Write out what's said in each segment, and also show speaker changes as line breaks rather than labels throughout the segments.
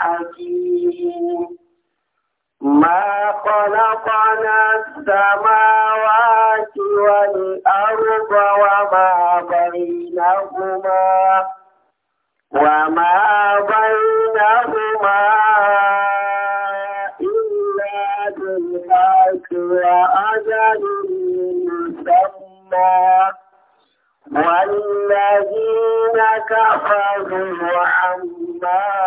حكيم ما خلقنا السماوات والأرض وما بينهما وما بينهما إلا بالحق وأجل مسمى والذين كفروا عما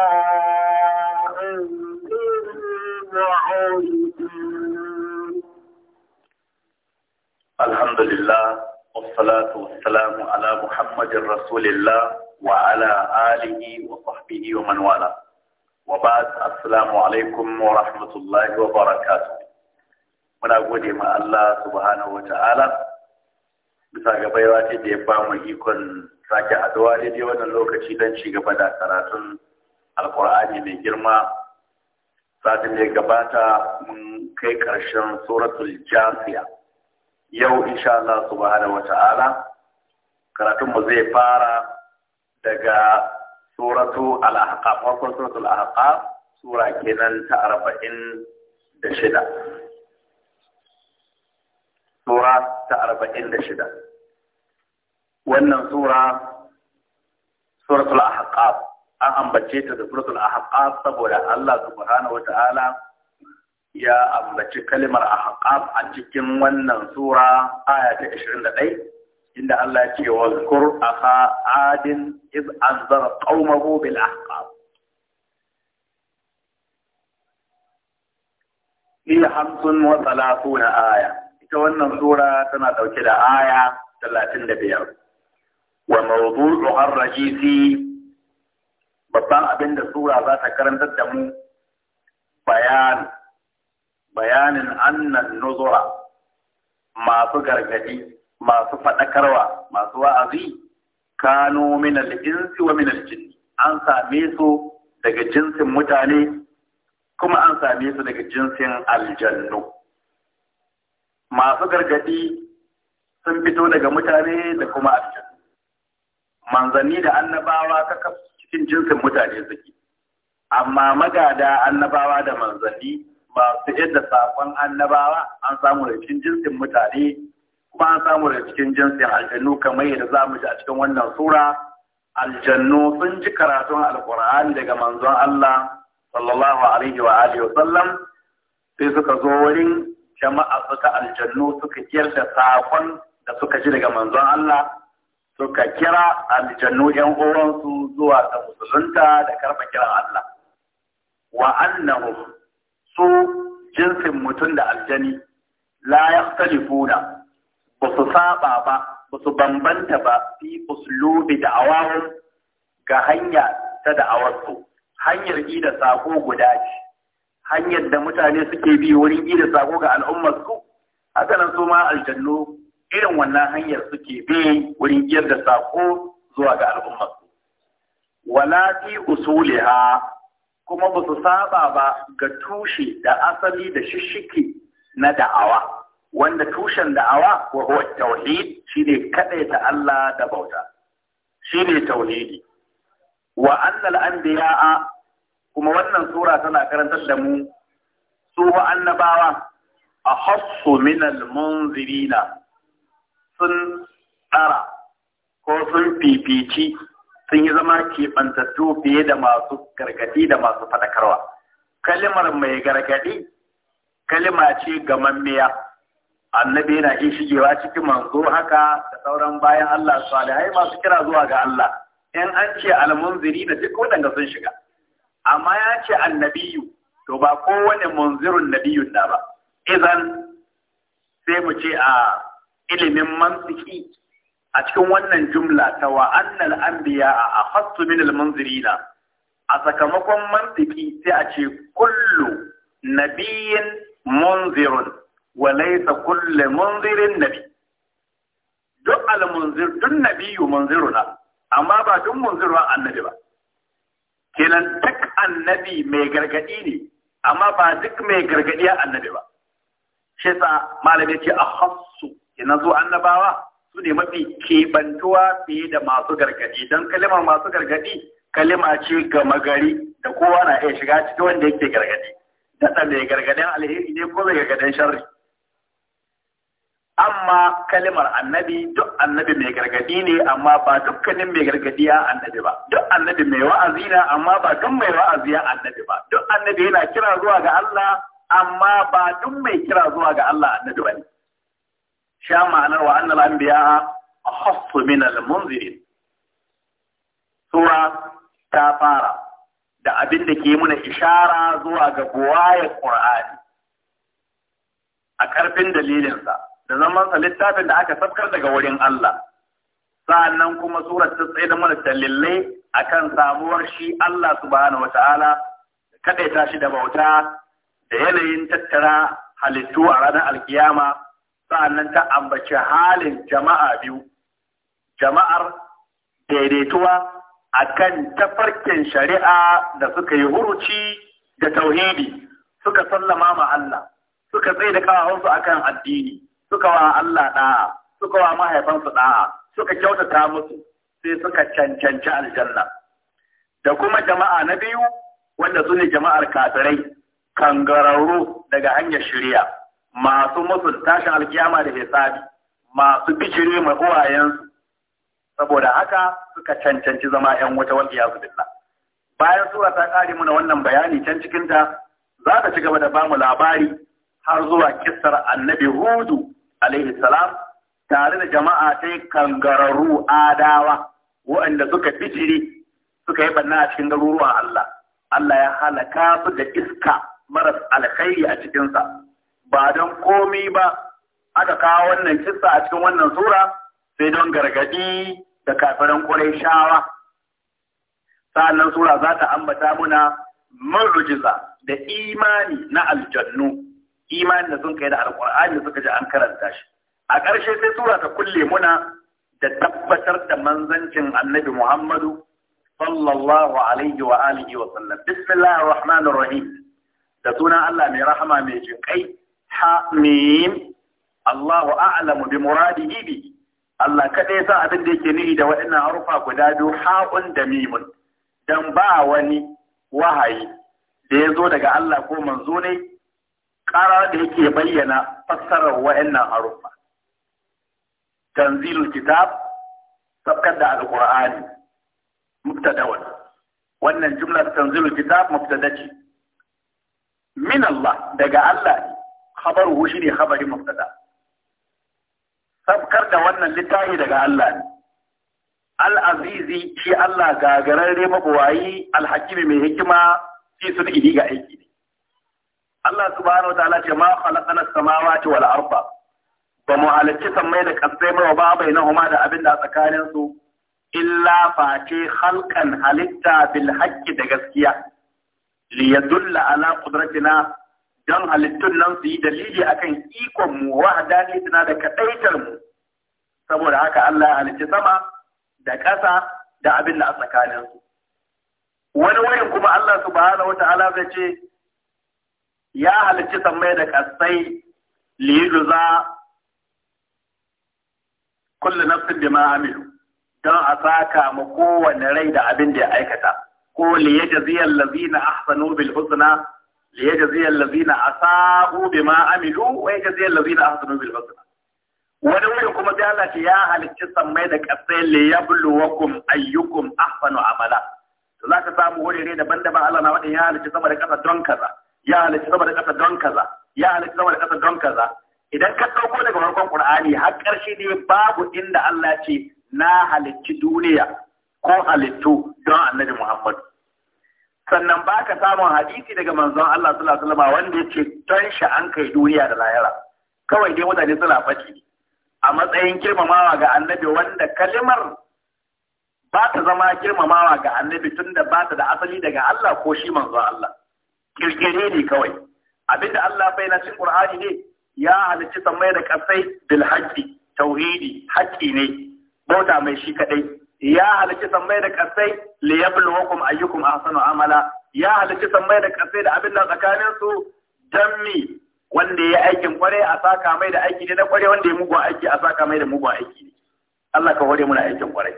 alhamdulillah والصلاة والسلام على محمد رسول muna gode ma Allah subhanahu wa ta'ala bisa ga baiwa ce da ya ba mu ikon sake haduwa daidai wannan lokaci don ci gaba da karatun alkur'ani mai girma satin ya gabata mun kai ƙarshen suratul jasiya yau insha Allah subhanahu wata'ala karatun mu zai fara daga suratu al-ahqaf farkon suratu al-ahqaf sura kenan ta arba'in da shida sura ta arba'in da shida wannan sura suratul ahqaf an ambace ta da suratul ahqaf saboda Allah subhanahu wata'ala يا أبلج كلمة أحقاب أجيكم ونن سورة آية 21 إن الله يذكر أخا عاد إذ أنذر قومه بالأحقاب هي خمس وثلاثون آية ونن سورة سنة توكيد آية 30 بيار وموضوع الرجيسي بطاق بند سورة ذات كرمت الدمو بيان bayanin annan nuzura masu gargadi masu faɗakarwa masu wa'azi kano min al-insi wa min al-jinni an same su daga jinsin mutane kuma an same su daga jinsin aljannu masu gargadi sun fito daga mutane da kuma aljannu manzanni da annabawa kaka cikin jinsin mutane suke amma magada annabawa da manzanni masu yadda sakon annabawa an samu da cikin jinsin mutane kuma an samu da cikin jinsin aljannu kamar yadda za mu ji a cikin wannan sura aljannu sun ji karatun alkur'ani daga manzon Allah sallallahu alaihi wa alihi wa sallam sai suka zo wurin jama'a suka aljannu suka kiyar da sakon da suka ji daga manzon Allah suka kira aljannu yan uwansu zuwa ta musulunta da karfa kiran Allah wa annahum su jinsin mutum da aljani la fura ba su saba ba ba su bambanta ba fi uslubi da awawun ga hanya ta da'awarsu hanyar da sako guda ce hanyar da mutane suke bi wurin da sako ga al'ummarsu haka nan su ma aljannu irin wannan hanyar suke bi wurin yi da sako zuwa ga al'ummarsu wala fi usuliha kuma ba su saba ba ga tushe da asali da shishiki na da'awa wanda tushen da'awa wa huwa tauhid shine kadaita Allah da bauta shine tauhidi wa annal anbiya'a kuma wannan sura tana karantar da mu su annabawa a hassu minal munzirina sun tsara ko sun fifici sun yi zama keɓantattu fiye da masu gargaɗi da masu faɗakarwa. Kalimar mai gargaɗi kalima ce ga gamammiya. Annabi yana iya shigewa cikin manzo haka da sauran bayan Allah salihai masu kira zuwa ga Allah. In an ce almunziri da duk waɗanda sun shiga. Amma ya ce annabiyu to ba kowane munzirin nabiyun na ba. Izan sai mu ce a ilimin mantiki a cikin wannan jumla ta wa annal anbiya a hassu min almunzirina a sakamakon mantiki sai a ce kullu nabiyin munzirun wa laysa kullu munzirin nabi duk almunzir duk nabiyu munziruna amma ba duk munzirun annabi ba kenan duk annabi mai gargadi ne amma ba duk mai gargadi annabi ba shi sa malamin ce a hassu kenan zo annabawa su ne mafi keɓantuwa fiye da masu gargadi don kalimar masu gargadi kalima ce ga magari da kowa na iya shiga cikin wanda yake gargadi daɗa mai gargadin alheri ne ko mai gargadin sharri amma kalimar annabi duk annabi mai gargadi ne amma ba dukkanin mai gargadi ya annabi ba duk annabi mai wa'azi na amma ba duk mai wa'azi ya annabi ba duk annabi yana kira zuwa ga Allah amma ba duk mai kira zuwa ga Allah annabi ba ne sha ma'anar wa annal anbiya akhaffu min al-munzirin sura ta fara da abin da ke muna ishara zuwa ga buwaye Ƙur'ani. a karfin dalilinsa da zaman sa littafin da aka safkar daga wurin Allah sa'annan kuma sura ta tsaye da mana dalilai akan samuwar shi Allah subhanahu wata'ala kada ta shi da bauta da yanayin tattara halittu a ranar alkiyama sa'annan ta ambaci halin jama'a biyu jama'ar daidaituwa akan tafarkin shari'a da suka yi huruci da tauhidi suka sallama ma Allah suka tsaye da a akan addini suka wa Allah ɗaya, suka wa mahaifansu ɗaya, suka kyautata musu sai suka cancanci aljanna da kuma jama'a na biyu wanda su ne jama'ar kafirai kangararru daga hanyar shirya masu musu tashin alkiyama da hisabi masu bijire mai uwayensu saboda haka suka cancanci zama ‘yan wuta wal iyazu billah bayan sura ta kare muna wannan bayani can cikin ta za ta ci gaba da bamu labari har zuwa kissar annabi hudu alaihi salam tare da jama'a ta kangararru adawa waɗanda suka bijire suka yi banna a cikin garuruwan Allah Allah ya halaka su da iska maras alkhairi a cikinsa ba don komi ba aka kawo wannan kissa a cikin wannan sura sai don gargadi da kafiran ƙwarai shawa sa'annan sura za ta ambata muna marujiza da imani na aljannu imani da sun kai da alƙur'ani suka ji an karanta shi a ƙarshe sai sura ta kulle muna da tabbatar da manzancin annabi muhammadu sallallahu alaihi wa alihi wa sallam bismillahir rahmanir rahim da sunan Allah mai rahama mai jinkai
hamim
Allahu a'lamu bi muradihi bi Allah kadai sa abin da yake nihi da waɗannan harufa guda biyu ha'un da mimun dan ba wani wahayi da ya zo daga Allah ko manzo ne ƙara da yake bayyana fassarar waɗannan harufa tanzilul kitab sabkar da alqur'ani mubtada'un wannan jumlar tanzilul kitab mubtada min Allah daga Allah khabaruhu shine khabarin mubtada sabkar da wannan littafi daga Allah ne al-azizi shi Allah gagararre mabuwayi al-hakimi mai hikima fi su diga ga aiki ne Allah subhanahu wa ta'ala ce ma khalaqana as-samawati wal arda ba mu halicci sammai da kasai mai ba bainahuma da abin da tsakanin su illa face halkan halitta bil haqqi da gaskiya li yadulla ala qudratina don halittun nan su yi dalili akan ikon mu wahdani suna da kadaitar mu saboda haka Allah ya halicci sama da ƙasa da abin da a tsakanin su wani wurin kuma Allah subhanahu wata'ala zai ce ya halicci sammai da kasai liyuza kullu nafsin bima amilu don a saka ma kowane rai da abin da ya aikata ko liyajziyal ladzina ahsanu bil husna ليجزي الذين أساءوا بما عملوا ويجزي الذين أحسنوا بالحسنى wani wuri kuma sai Allah ce ya halicci sammai da ƙasai li yabluwakum ayyukum ahsanu amala to zaka samu wurare daban-daban Allah na wadin ya halicci sama da ƙasa don kaza ya halicci sama da ƙasa don kaza ya halicci sama da ƙasa don kaza idan ka dauko daga farkon Qur'ani har ƙarshe ne babu inda Allah ce na halicci duniya ko halittu don Annabi Muhammadu sannan ba ka samun hadisi daga manzon Allah sallallahu alaihi wanda ya ce don shi an kai duniya da layara kawai dai mutane suna faɗi a matsayin girmamawa ga annabi wanda kalimar ba ta zama girmamawa ga annabi tun da ba ta da asali daga Allah ko shi manzon Allah kirkire ne kawai abinda Allah bai na cin Qur'ani ne ya halicci sammai da kasai bil haqqi tauhidi haqqi ne bauta mai shi kadai ya halici sammai da kasai li yabluwakum ayyukum ahsanu amala ya halici sammai da kasai da abin da tsakanin su dammi wanda ya aikin kware a saka mai da aiki ne na kware wanda ya mugun aiki a saka mai da mugun aiki ne Allah ka hore muna aikin kware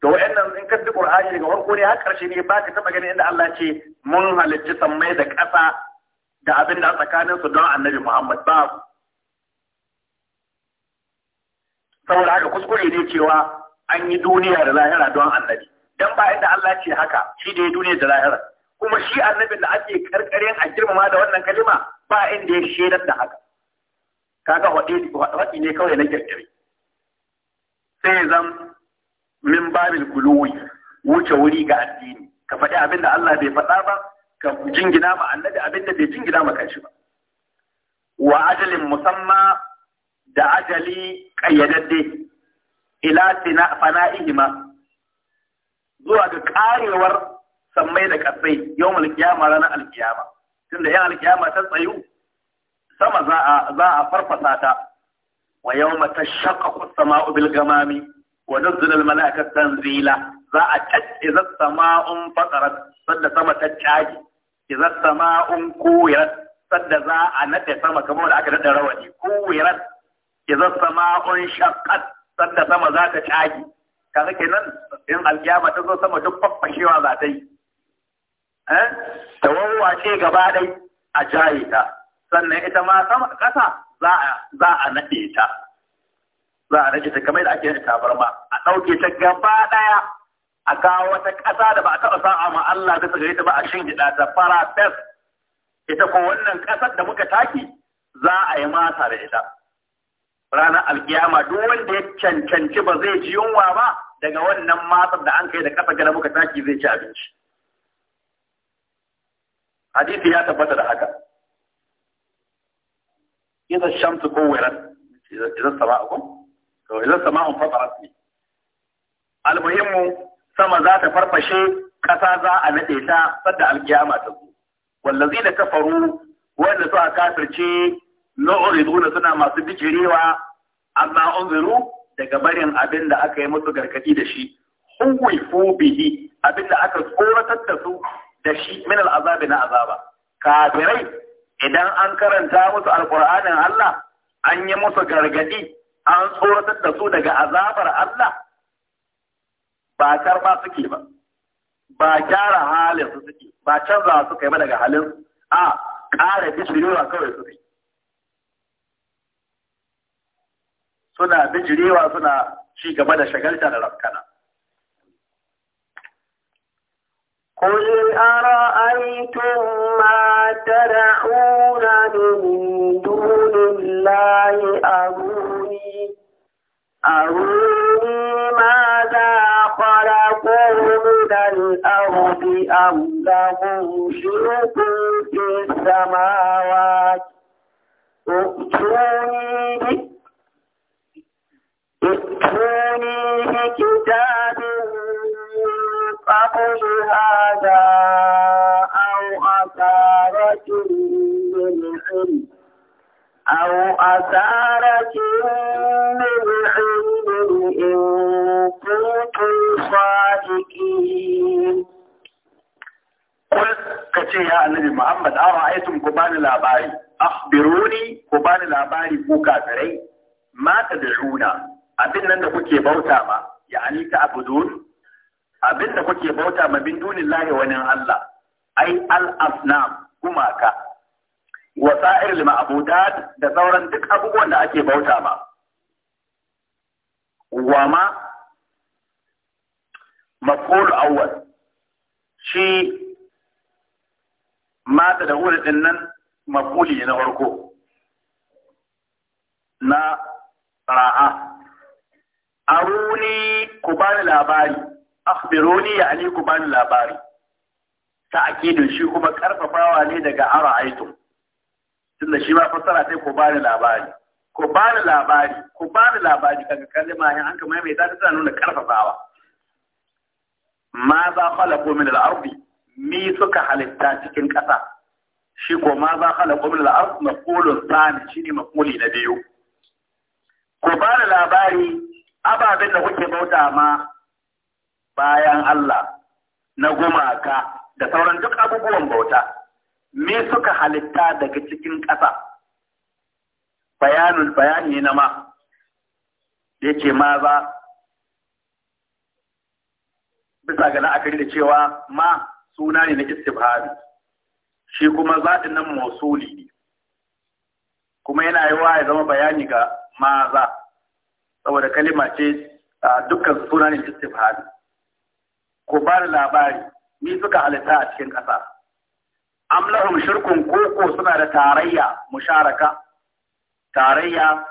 to wa'annan in ka bi qur'ani daga farko ne har karshe ne ba ka taba ganin inda Allah ce mun halicci sammai da ƙasa da abin da tsakanin su don annabi Muhammad babu saboda haka kuskure ne cewa an yi duniya da lahira don annabi dan ba inda Allah ce haka shi da ya duniya da lahira kuma shi annabin da ake karkarin a girmama da wannan kalima ba inda ya shaidar da haka kaga hadi ne kawai na kirkire sai zan min babil guluwi wuce wuri ga addini ka faɗi abin da Allah bai faɗa ba ka jingina ma annabi abin da bai jingina ma kanshi ba wa ajalin musamma da ajali kayyadadde ila fana'ihima zuwa ga karewar sammai da kasai yau malkiyama ranar alkiyama tunda yan alkiyama ta tsayu sama za a za a farfasa ta wa yawma tashaqqaqu as-sama'u bil gamami wa nazzala al mala'ikatu tanzila za a tacce za sama'un fatarat sadda sama ta caji za sama'un kuwirat sadda za a nade sama kamar da aka nade rawani kuwirat za sama'un shaqqat sanda sama za ta cagi zake nan in alkiyama ta zo sama duk faffashewa za ta yi eh ta wawwace gaba dai a jaye ta sannan ita ma sama kasa za a naɗe ta za a rage ta kamar da ake yin tabarma a ɗauke ta gaba ɗaya, a kawo wata ƙasa da ba a taɓa sa'a ma Allah da tsare ta ba a shin gida ta fara fes ita ko wannan ƙasar da muka taki za a yi masa da ita ranar alkiyama duk wanda ya cancanci ba zai ji yunwa ba daga wannan matsar da an kai da kasa gada muka taki zai ci abinci Hadithi ya tabbata da haka Iza shamsu ko wirar idan sama'u ko Iza sama sama'u fatarat rasmi. almuhimmu sama za ta farfashe kasa za a nade ta sadda alkiyama ta zo wallazi da kafaru wanda suka kafirce mu'riduna suna masu bijirewa amma unziru daga barin abin da aka yi musu gargadi da shi huwifu bihi abin da aka tsoratar da su da shi min al'azabi na azaba kafirai idan an karanta musu alqur'anin Allah an yi musu gargadi an tsoratar da su daga azabar Allah ba karba suke ba ba gyara halin su suke ba canza su kai ba daga halin a ƙara bishirewa kawai su suke suna bijirewa suna ci gaba da shagalta da rafkana
قل أرأيتم ما تدعون من دون الله أروني أروني ماذا خلقوا من الأرض أم لهم شرك في السماوات ائتوني ائتوني بكتاب من قبل هذا أو أثارة من علم أو أثارة من علم إن كنتم صادقين قل كتير يا النبي محمد أرأيتم
كبان الأباري أخبروني كبان الأباري كوكا ما تدعونا abin nan da kuke bauta ma ya'ani ta abudun abin da kuke bauta ma bin lahi wani Allah ai al-asnam gumaka wa sa'ir ma'budat da sauran duk abubuwan da ake bauta ba. wa ma maqul awwal shi mata da wurin din nan maquli na farko na ra'a aruni ku bani labari akhbiruni yani ku bani labari ta akidu shi kuma karfafawa ne daga ara'aytum tunda shi ma fassara sai ku bani labari ku bani labari ku bani labari kaga kalma ya an kuma mai ta tana nuna karfafawa ma za khalaqu min al-ardi mi suka halitta cikin ƙasa shi ko ma za khalaqu min al-ardi maqulun thani shine maquli na biyu ku bani labari ababen da kuke bauta ma bayan Allah na gumaka da sauran duk abubuwan bauta me suka halitta daga cikin ƙasa bayanul bayani na ma yace ma ba, bisa ga la'akari da cewa ma suna ne na istibhari shi kuma zaɗin nan mosuli ne kuma yana yi wa ya zama bayani ga maza saboda kalima ce dukkan suna ne istifhali ko ba da labari ni suka halitta a cikin ƙasa am shirkun koko suna da tarayya musharaka tarayya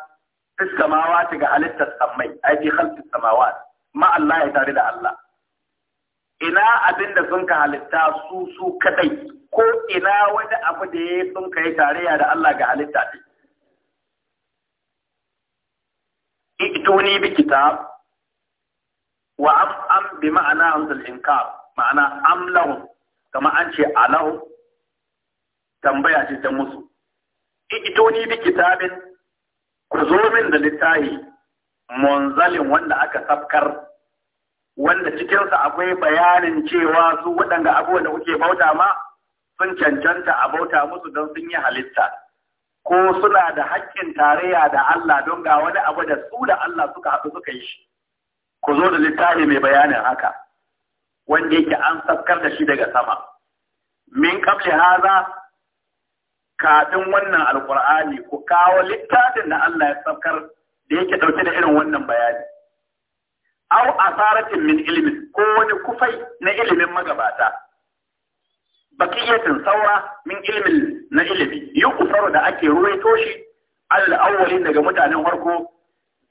fis samawati ga halittar samai ai fi khalqis samawati ma Allah ya tare da Allah ina abin da sun ka halitta su su kadai ko ina wani abu da ya sun kai tarayya da Allah ga halitta ɗin ituni bi kitab wa am bi ma'ana hamzul inkar ma'ana am lahum kama an ce alahu tambaya ce ta musu ituni bi kitabin ku zo min da littafi munzalin wanda aka safkar wanda cikinsa akwai bayanin cewa su waɗanda abubuwan da kuke bauta ma sun cancanta a bauta musu don sun yi halitta ko suna da haƙƙin tarayya da Allah don ga wani abu da su da Allah suka haɗu suka yi shi ku zo da littafi mai bayanin haka wanda yake an saskar da shi daga sama min qabli haza kafin wannan Alƙur'ani ku kawo littafin da Allah ya saskar da yake ɗauke da irin wannan bayani au asaratin min ilimin ko wani kufai na ilimin magabata bakiyatin saura min ilmin na ilimi yuqsaru da ake ruwaito toshi al-awwalin daga mutanen farko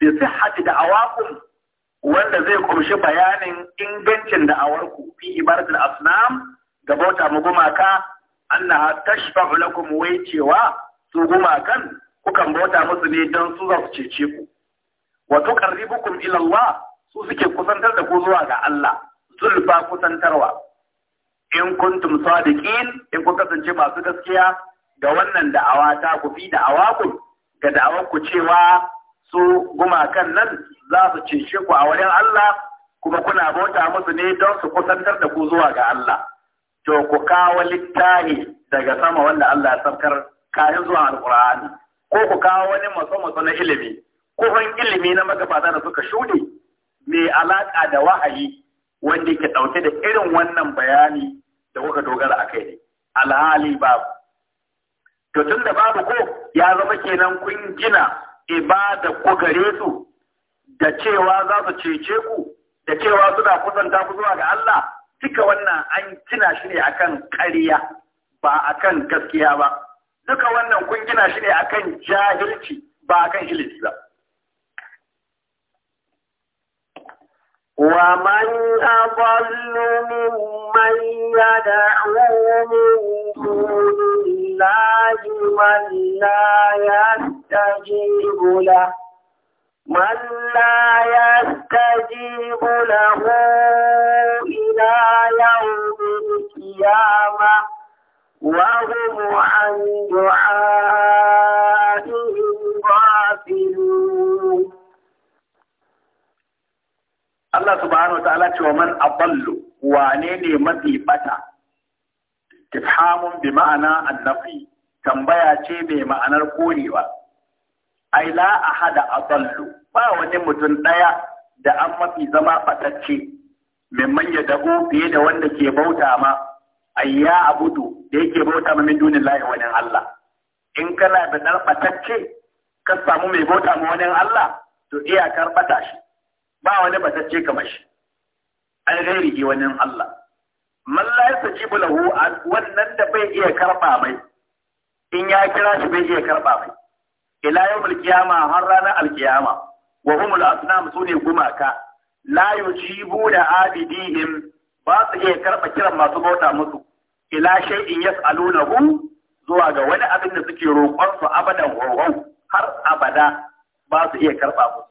bi sihhati da'awakum wanda zai kumshi bayanin ingancin da'awarku fi ibaratul asnam ga bauta mu gumaka annaha tashfa'u lakum wai cewa su gumakan kukan bauta musu ne dan su za su cece ku wa tuqarribukum ila Allah su suke kusantar da ku zuwa ga Allah zulfa kusantarwa in kun kuntum sadiqin in kun kasance masu gaskiya ga wannan da'awa ta ku fi da'awa ku ga da'awar ku cewa su gumakan nan za su cece ku a wurin Allah kuma kuna bauta musu ne don su kusantar da ku zuwa ga Allah to ku kawo littahi daga sama wanda Allah ya saukar kayan zuwa alqur'ani ko ku kawo wani maso-maso na ilimi ko ilimi na magabata da suka shuɗe mai alaƙa da wa'ayi wanda yake ɗauke da irin wannan bayani da kuka dogara a kai ne alhali babu to tun da babu ko ya zama kenan kun gina ibada ku gare su da cewa za su cece ku da cewa suna kusanta ku zuwa ga Allah duka wannan an gina shi ne akan ƙarya ba akan gaskiya ba duka wannan kun gina shi ne akan jahilci ba akan ilimi ba
ومن أضل ممن يدعو من دون الله من لا يستجيب له من لا يستجيب له إلى يوم القيامة وهم عن دعائه
Allah subhanahu ta'ala cewa man aballu wane ne mafi bata tifhamun bi ma'ana annafi tambaya ce mai ma'anar korewa ai la ahada aballu ba wani mutum ɗaya da an mafi zama fatacce mimman manya da'u fiye da wanda ke bauta ma ayya abudu da yake bauta ma min dunin lahi wani Allah in kana da dar fatacce ka samu mai bauta ma wani Allah to iya karbata shi ba wani batacce kamar shi an gairi wani Allah man la yastajibu lahu wannan da bai iya karba mai in ya kira shi bai iya karba mai ila yawmul har ranar alkiyama. wa humul asnam sune gumaka la yujibu da abidihim ba su iya karba kiran masu bauta musu ila shay'in yas'alunahu zuwa ga wani abin da suke roƙon su abadan warwau har abada ba su iya karba musu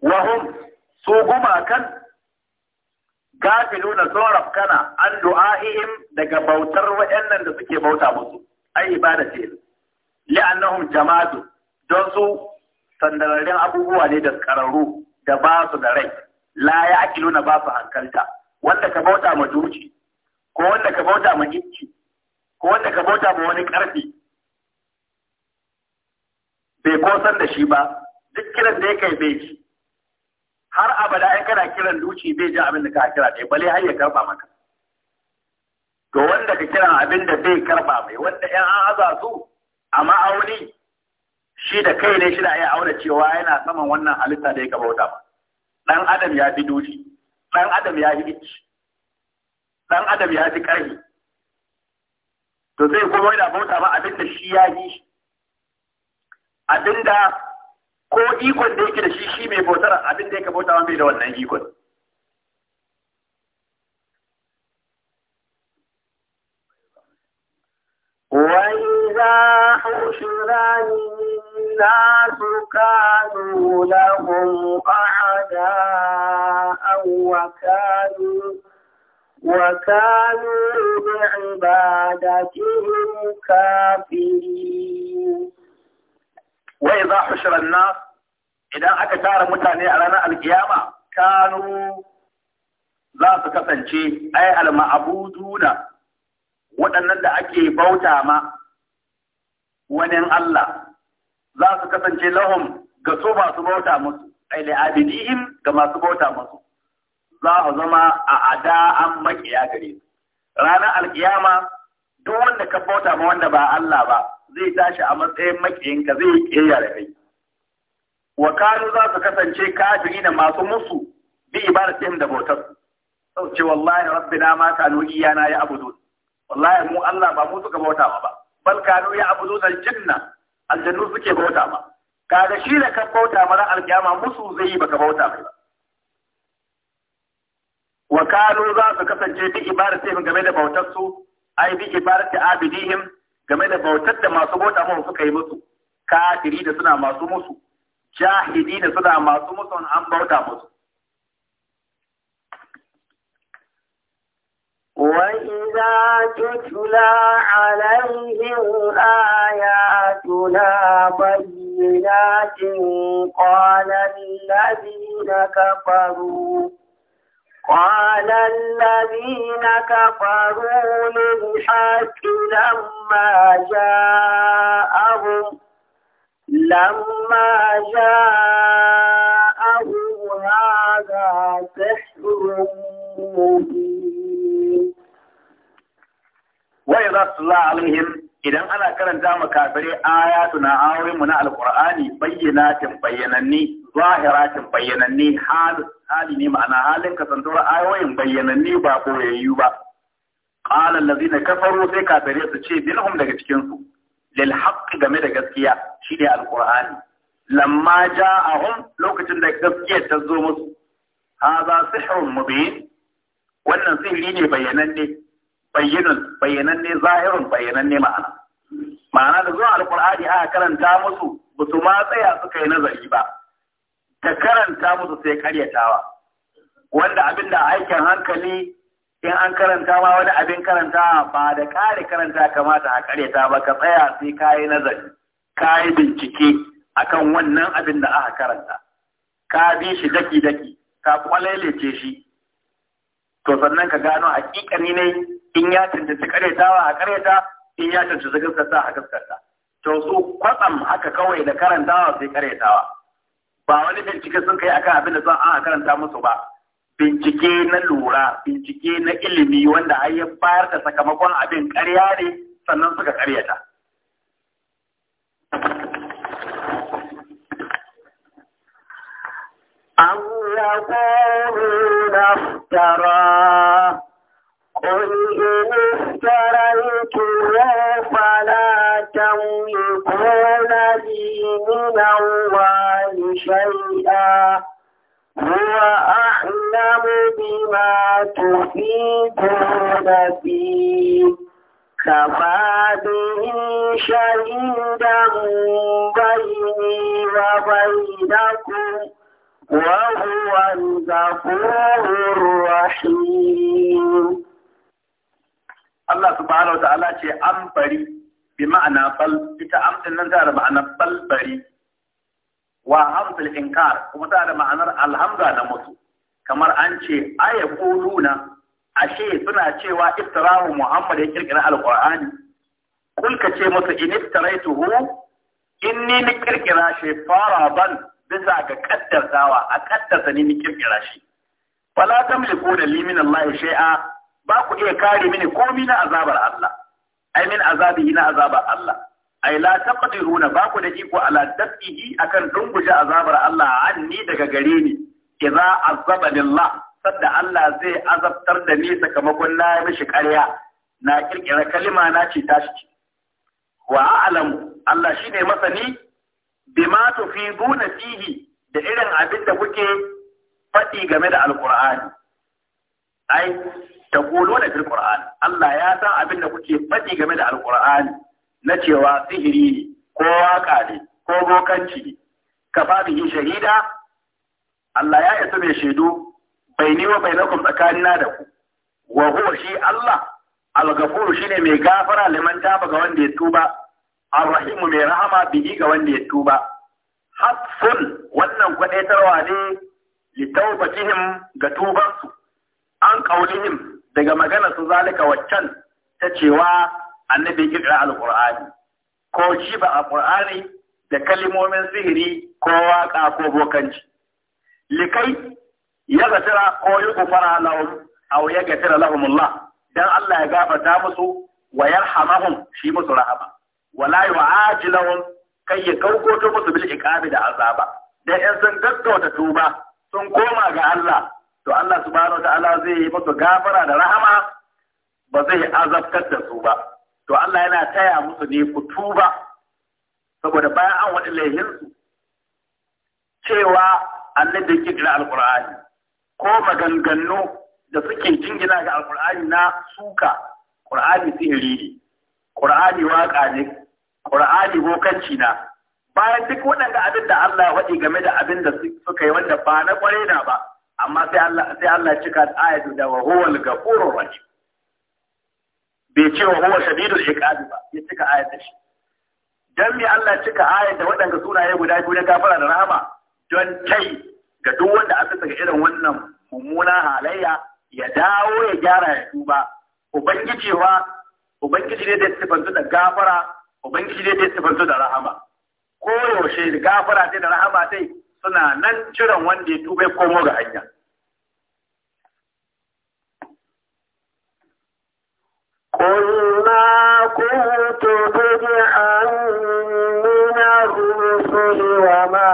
wahum su gumakan na zorab kana an du'a'ihim daga bautar waɗannan da suke bauta musu ai ibada ce annahum jama'atu don su sandararren abubuwa ne da kararru da ba su da rai la ya na ba su hankalta wanda ka bauta ma duci ko wanda ka bauta ma gicci ko wanda ka bauta ma wani karfi bai kosan da shi ba duk kiran da ya kai bai ci har abada in kana kiran duci bai ji abin da ka kira dai bale har ya karba maka to wanda ka kira abin da bai karba mai wanda yan an aza su a ma'auni shi da kai ne shi da ya aure cewa yana saman wannan halitta da ya bauta ba dan adam ya fi duci dan adam ya fi ici dan adam ya fi ƙarfi to zai kuma yana bauta ba abin da shi ya yi abin da ko ikon da yake da shi shi mai bautar abin da yake bautawa bai da wannan ikon
وإذا حشر الناس كانوا لهم أعداء وكانوا وكانوا بعبادتهم كافرين
Wai za ku an idan aka tara mutane a ranar alkiyama kanu za su kasance ai al waɗannan da ake bauta ma wani Allah za su kasance lahum ga su masu bauta musu ai li'abidihim ga masu bauta musu za su zama a ada'an makiya gare su ranar alkiyama duk wanda ka bauta ma wanda ba Allah ba zai tashi a matsayin ka zai yi da kai wa kanu za su kasance kafiri da masu musu bi ibadatin da bautar sau ce wallahi rabbina ma kanu iyana ya abudu wallahi mu Allah ba mu suka bauta ma ba bal kanu ya abudu da jinna aljannu suke bauta ma kaga shi da ka bauta mara alkiyama musu zai yi baka bauta mai ba wa kanu za su kasance bi ibadatin game da bautar su ai bi ibadatin abidihim game da bautar da masu bauta mu suka yi musu kafiri da suna masu musu jahili da suna masu
musu an bauta musu وإذا تتلى عليهم آياتنا بينات قال الذين كفروا قال الذين كفروا للحق لما جاءهم لما جاءهم هذا سحر مبين
وإذا صلى عليهم idan
ana karanta
ma kafirai ayatu na ayoyinmu na alqur'ani bayyanatin bayyananni zahiratin bayyananni hali ne ma'ana halin kasantuwar ayoyin bayyananni ba koyayyu ba qala allazina kafaru sai kafirai su ce binhum daga cikin su lil haqq game da gaskiya shine alqur'ani lamma ja'ahum lokacin da gaskiya ta zo musu hadha sihrun mubin wannan sihiri ne bayyananne ne zahirin zahirun ne ma'ana ma'ana da zuwa alqur'ani a karanta musu ba su ma tsaya suka yi nazari ba Ka karanta musu sai karyatawa wanda abin da aikin hankali in an karanta ma wani abin karanta ba da kare karanta kamata a karyata ba ka tsaya sai ka yi nazari ka bincike akan wannan abin da aka karanta ka bi shi daki-daki ka kwalalace shi to sannan ka gano hakikani ne in ya cancanci karyatawa a karyata in ya cancanci gaskata a gaskata to su kwatsam haka kawai da karantawa sai karyatawa ba wani bincike sun kai akan abin da zan a karanta musu ba bincike na lura bincike na ilimi wanda har ya bayar da sakamakon abin karya ne sannan suka karyata
أو يقولون افتراه قل إن افتريته فلا تملكون لي من الله شيئا هو أعلم بما تفيدون فيه كفى به شهيدا بيني وبينكم وهو الغفور الرحيم
Allah subhanahu wa ta'ala ce an bari bi ma'ana bal ita amsin nan da ma'ana bal bari wa hamzul inkar kuma ta da ma'anar alhamza na musu kamar an ce aya kuluna ashe suna cewa iftirahu Muhammad ya kirkira alqur'ani kul ka ce musu in iftaraituhu inni ni kirkira shi faraban bisa ga kaddartawa a kaddarta ni kirkira shi fala tamliku da liminallahi min shay'a ba ku iya kare mini komi na azabar Allah ai min azabihi na azabar Allah ai la taqdiruna ba ku da iko ala dafihi akan dunguje azabar Allah anni daga gare ni idza azaba lillah sadda Allah zai azabtar da ni sakamakon na mishi ƙarya na kirkira kalima na ce ta ce wa alamu Allah shine masani bima tufiduna fihi da irin abin da kuke faɗi game da alqur'ani ai taquluna fil qur'an Allah ya san abin da kuke faɗi game da alqur'ani na cewa sihiri ne ko waka ne ko bokanci ne ka faɗi shahida Allah ya isa mai shaidu bai ni wa bainakum tsakanina da ku wa shi Allah al shine mai gafara liman taba ga wanda ya tuba ar mai rahama bihi ga wanda ya tuba hasfun wannan kwadaitarwa ne li tawbatihim ga tubansu an him. daga magana su zalika waccan ta cewa annabi ikra alqur'ani ko shi ba alqur'ani da kalimomin sihiri ko waka ko bokanci likai ya gatira ko yi kufara lahum aw ya gatira lahumullah dan Allah ya gafarta musu wa yarhamahum shi musu rahama wala yu'ajilahum kai ya kaukoto musu bil iqabi da azaba dan in sun da tuba sun koma ga Allah to Allah subhanahu ta'ala zai yi musu gafara da rahama ba zai azabtar da su ba to Allah yana taya musu ne fito ba saboda bayan an waɗi su cewa da yake kira Alƙur'ani. ko maganganu da suke jingina ga Alƙur'ani na suka su sihiri ne ƙur'ani waka ne ƙur'ani bokanci na bayan duk waɗanda abin da Allah ya waɗi game da abin da suka yi wanda ba na ƙware na ba amma sai Allah sai Allah cika ayatu da wa al ghafurur rahim bai ce wa huwa shadidul iqabi ba ya cika ayatu shi dan me Allah cika ayatu da waɗanda sunaye guda biyu na gafara da rahama don kai ga duk wanda aka saka irin wannan mummuna halayya ya dawo ya gyara ya tuba ubangiji wa ubangiji ne da sifantu da gafara ubangiji ne da sifantu da rahama ko yaushe gafara sai da rahama sai suna nan jiran wanda ya tuba ya komo ga hanya
قل ما كنت بدعا من الرسل وما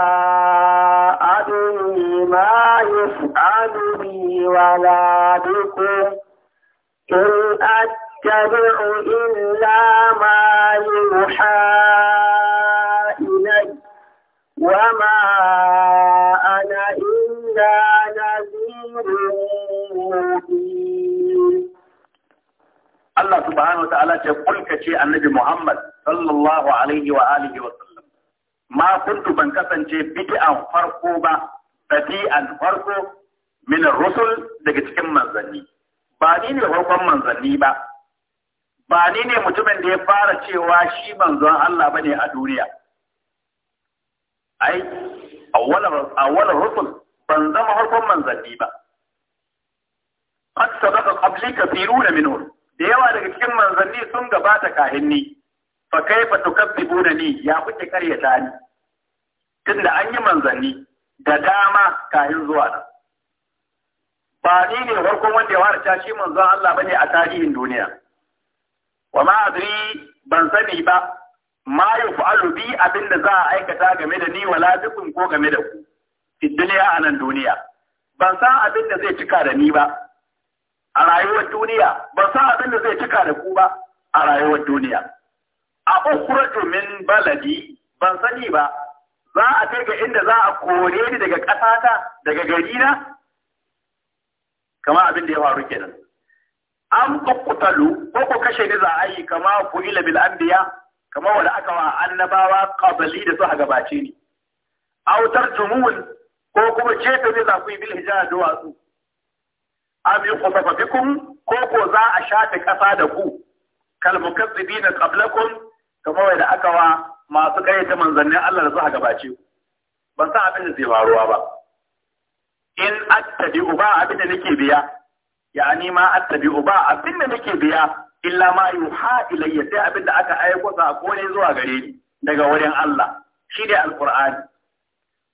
أدري ما يفعل بي ولا بكم إن أتبع إلا ما يوحى وما أنا إلا نذير مبين
الله سبحانه وتعالى يقول كشيء النبي محمد صلى الله عليه وآله وسلم ما كنت بنكسن شيء بدءا فرقوا farko فرقوا من الرسل cikin manzanni. ba ni ne farkon manzanni ba, ba ni ne mutumin da ya fara cewa shi manzon Allah ba ne a duniya. ai awwalar rusul ban zama harkon manzanni ba qad sabaqa kafiru
kathiruna minhum da yawa daga cikin manzanni sun gabata kahinni fa kaifa tukazzibuna
ni ya kuke karyata ni tunda an yi manzanni da dama kahin zuwa na ba ni ne harkon wanda ya warta shi manzon Allah bane a tarihin duniya wa ma adri ban sani ba ma yi fa'alu bi abin da za a aikata game da ni wala bikum ko game da ku fi duniya a nan duniya ban san abin da zai cika da ni ba a rayuwar duniya ban san abin da zai cika da ku ba a rayuwar duniya a ukhraju min baladi ban sani ba za a kai ga inda za a kore ni daga ƙasata daga garina kama abin da ya faru kenan am uqtalu ko ku kashe ni za a yi kama ku ila bil anbiya kamar wanda aka wa annabawa qabli da suka gabace ni autar jumu'un ko kuma jefe ne za ku yi bil hijara duwatsu am yuqsafa bikum ko ko za a shafe kasa da ku kal mukazzibina qablakum kamar wanda aka wa masu kayyata manzannin Allah da su suka gabace ku ban san abin da zai faruwa ba in attabi uba abin da nake biya ya'ani ma attabi uba abin da nake biya illa ma ha ilayya sai abin da aka aiko sako ne zuwa gare ni daga wurin Allah shi ne alqur'ani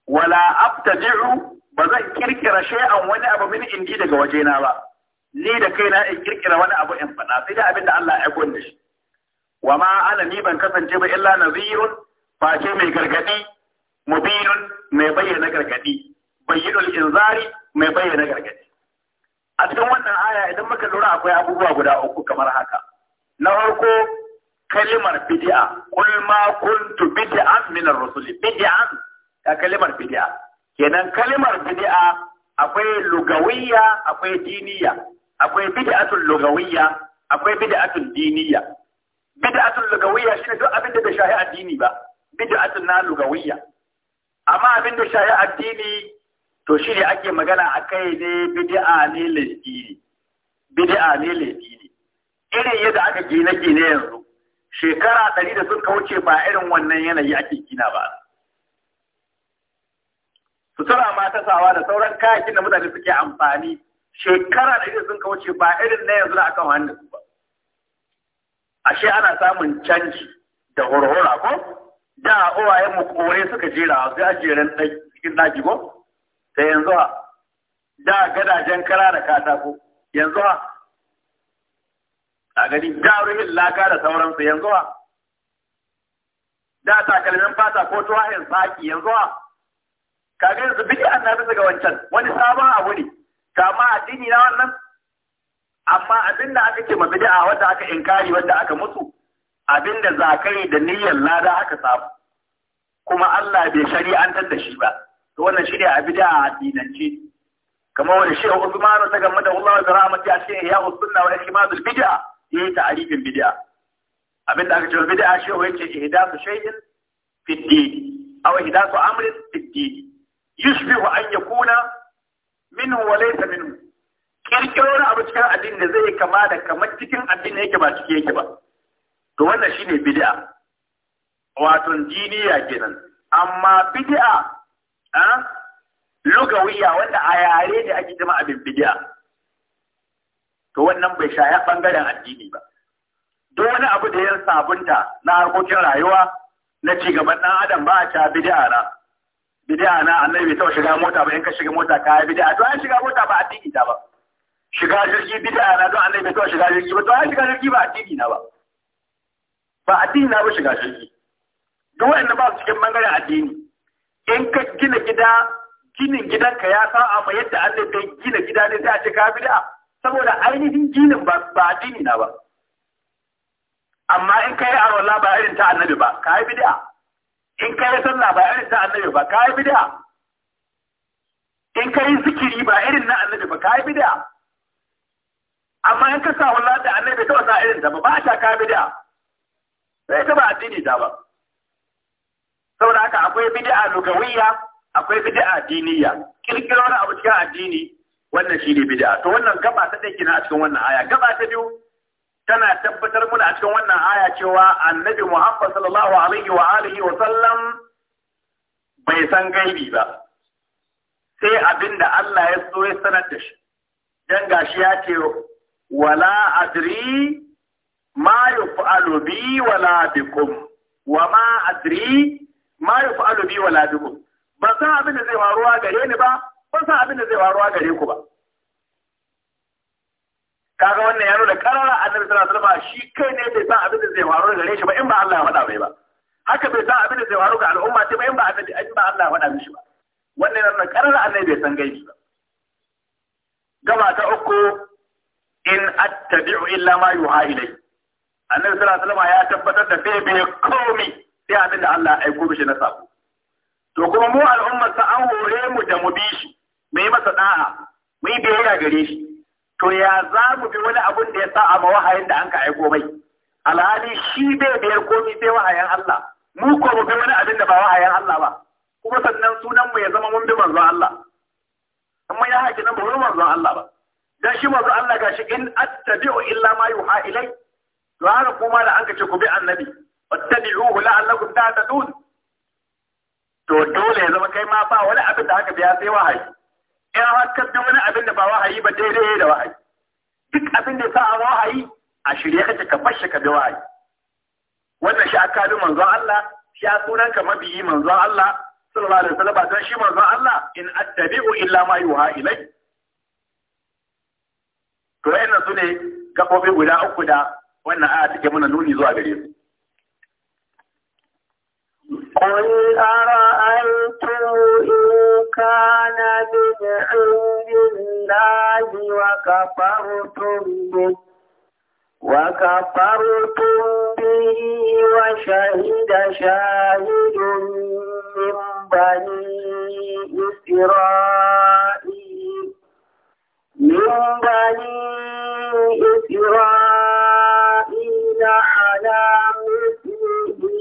wala abtaji'u ba zan kirkira shay'an wani abu min indi daga wajena ba ni da kaina in kirkira wani abu in faɗa sai da abin da Allah ya aiko da shi wa ma ana ni ban kasance ba illa nazirun face mai gargadi mubinun mai bayyana gargadi bayyinul inzari mai bayyana gargadi a cikin wannan aya idan muka lura akwai abubuwa guda uku kamar haka na farko kalimar bid'a kul ma kuntu bid'an min ar-rusul bid'an ka kalimar bid'a kenan kalimar bid'a akwai lugawiyya akwai diniya akwai bid'atul lugawiyya akwai bid'atul diniya bid'atul lugawiyya shine duk abin da bai shahi addini ba bid'atul na lugawiyya amma abin da shahi addini to shi ne ake magana a kai ne bidi'a ne laifi bidi'a ne laifi irin yadda aka gine gine yanzu shekara ɗari da sun kauce ba irin wannan yanayi ake gina ba sutura ma ta sawa da sauran kayakin da mutane suke amfani shekara ɗari da sun kauce ba irin na yanzu da aka wani su ba ashe ana samun canji da hurhura ko da uwayen mu kore suka jera sai a jeren cikin daji ko da yanzu ha da gadajen kara da katako yanzu ha a gani da yin laka da sauransu yanzu ha da takalmin fata ko tuwahin saki yanzu ha kaga yanzu bidi an na bisa ga wancan wani sabon abu ne kama addini na wannan amma abin da aka ce ma bid'a wanda aka inkari wanda aka mutu abin da zakai da niyyar lada aka samu kuma Allah bai shari'antar da shi ba to wannan shi ne a bida a dinance kamar wani shi Usman ta gamma da Allah da rahmati a cikin Ihya Sunna wa Ihmad al-Bid'a yayi ta'arifin bid'a abinda aka ce bid'a shi wai ce ihdathu shay'in fi ad-din aw ihdathu amrin fi ad-din yushbihu an yakuna minhu wa laysa minhu kirkiro na abu cikin addini da zai kama da kamar cikin addini yake ba ciki yake ba to wannan shi shine bid'a wato diniya kenan amma bid'a lugawiya wanda a yare da ake zama abin bidiya to wannan bai shaya bangaren addini ba duk wani abu da ya sabunta na harkokin rayuwa na ci gaban dan adam ba a ta bidiya na bidiya na annabi bai taɓa shiga mota ba in ka shiga mota ka bidiya to an shiga mota ba addini ta ba shiga jirgi bidiya na don annabi bai taɓa shiga jirgi ba to an shiga jirgi ba addini na ba ba addini na ba shiga jirgi duk wanda ba su cikin bangaren addini in ka gina gida ginin gidanka ya sa'a ma yadda Allah ya gina gida ne sai a ce ka saboda ainihin ginin ba ba addini na ba amma in kai arwala ba irin ta annabi ba ka yi bid'a in kai sallah ba irin ta annabi ba ka yi bid'a in kai zikiri ba irin na annabi ba ka yi bid'a amma in ka sa wallahi da annabi ta wasa irin ta ba ba ta ka bid'a sai ta ba addini ta ba saboda haka akwai bid'a lugawiyya akwai bid'a diniya kirkiro wani abu cikin addini wannan shine bid'a to wannan gaba ta dake na a cikin wannan aya gaba ta biyu tana tabbatar muna a cikin wannan aya cewa annabi Muhammad sallallahu alaihi wa alihi wa sallam bai san gaibi ba sai abinda Allah ya so ya sanar da shi dan gashi ya ce wala adri ma yuf'alu bi wala bikum wa ma adri ma ya fi alubi wala bikum ban san abin da zai waruwa gare ni ba ban san abin da zai waruwa gare ku ba kaga wannan ya nuna karara annabi sallallahu alaihi wasallam shi kai ne bai san abin da zai waruwa gare shi ba in ba Allah ya faɗa mai ba haka bai san abin da zai waruwa ga al'umma ce ba in ba annabi in ba Allah ya faɗa mishi ba wannan yana nuna karara annabi bai san gaibi ba gaba ta uku in attabi'u illa ma yuha ilai annabi sallallahu alaihi wasallam ya tabbatar da bai bai komai sai abin da Allah ya aiko na sako to kuma mu al'ummar sa an hore mu da mu bi shi mu yi masa ɗa'a. mu yi biyayya gare shi to ya za mu bi wani abun da ya sa a wahayin da an ka aiko mai alhali shi bai biyar komi sai wahayin Allah mu ko mu bi wani abin da ba wahayin Allah ba kuma sannan sunan mu ya zama mun bi manzon Allah amma ya haƙi nan ba wani manzon Allah ba dan shi manzon Allah gashi in attabi'u illa ma yuha ilai to kuma da an ka ce ku bi annabi wattabi'uhu la'allakum tahtadun to dole ya zama kai ma ba wani abin da aka biya sai wahayi in har ka bi wani abin da ba wahayi ba daidai da wahayi duk abin da sa a wahayi a shirye kake ka fashe ka bi wahayi wannan shi aka bi manzon Allah shi a sunan ka mabiyi manzon Allah sallallahu alaihi wasallam don shi manzon Allah in attabi'u illa ma yuha ilai to wayannan sune gabobi guda uku da wannan aya take mana nuni zuwa gare su
قل أرأيتم إن كان من عند الله وكفرتم به وكفرتم به وشهد شاهد من بني إسرائيل من بني إسرائيل على مثله